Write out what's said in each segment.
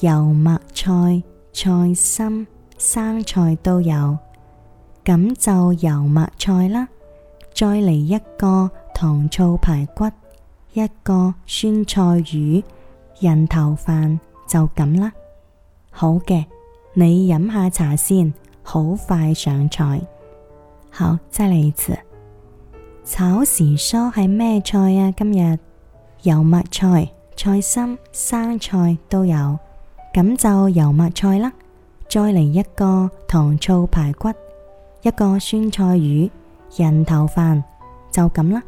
油麥菜、菜心、生菜都有，咁就油麥菜啦。再嚟一個糖醋排骨，一個酸菜魚，人頭飯，就咁啦。好嘅，你飲下茶先，好快上菜。好，再嚟一次。炒時蔬係咩菜啊今日？油麥菜、菜心、生菜都有。咁就油麥菜啦，再嚟一個糖醋排骨，一個酸菜魚，人頭飯，就咁啦。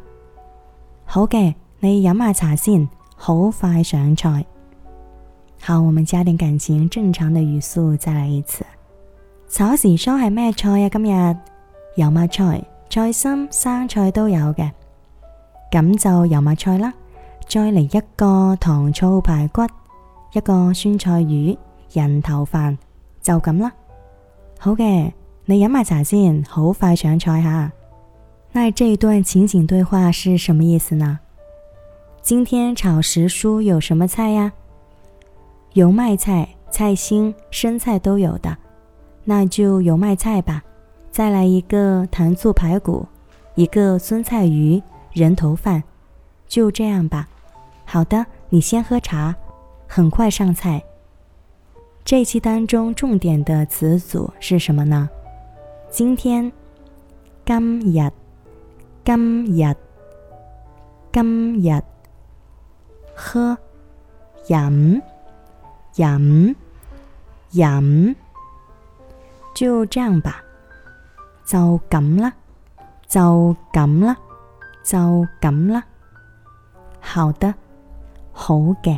好嘅，你飲下茶先，好快上菜。好，我們加點感情，正常的語速再嚟一次。炒時蔬係咩菜啊？今日油麥菜、菜心、生菜都有嘅。咁就油麥菜啦，再嚟一個糖醋排骨。一個酸菜魚、人頭飯，就咁啦。好嘅，okay, 你飲下茶先，好快上菜哈。那這一段情景對話是什麼意思呢？今天炒時蔬有什麼菜呀？油麥菜、菜心、生菜都有的，那就油麥菜吧。再來一個糖醋排骨，一個酸菜魚、人頭飯，就這樣吧。好的，你先喝茶。很快上菜。這期當中重點的詞組是什麼呢？今天，今日，今日，今日，喝，飲，飲，飲，就這樣吧。就咁啦，就咁啦，就咁啦，好的，好嘅。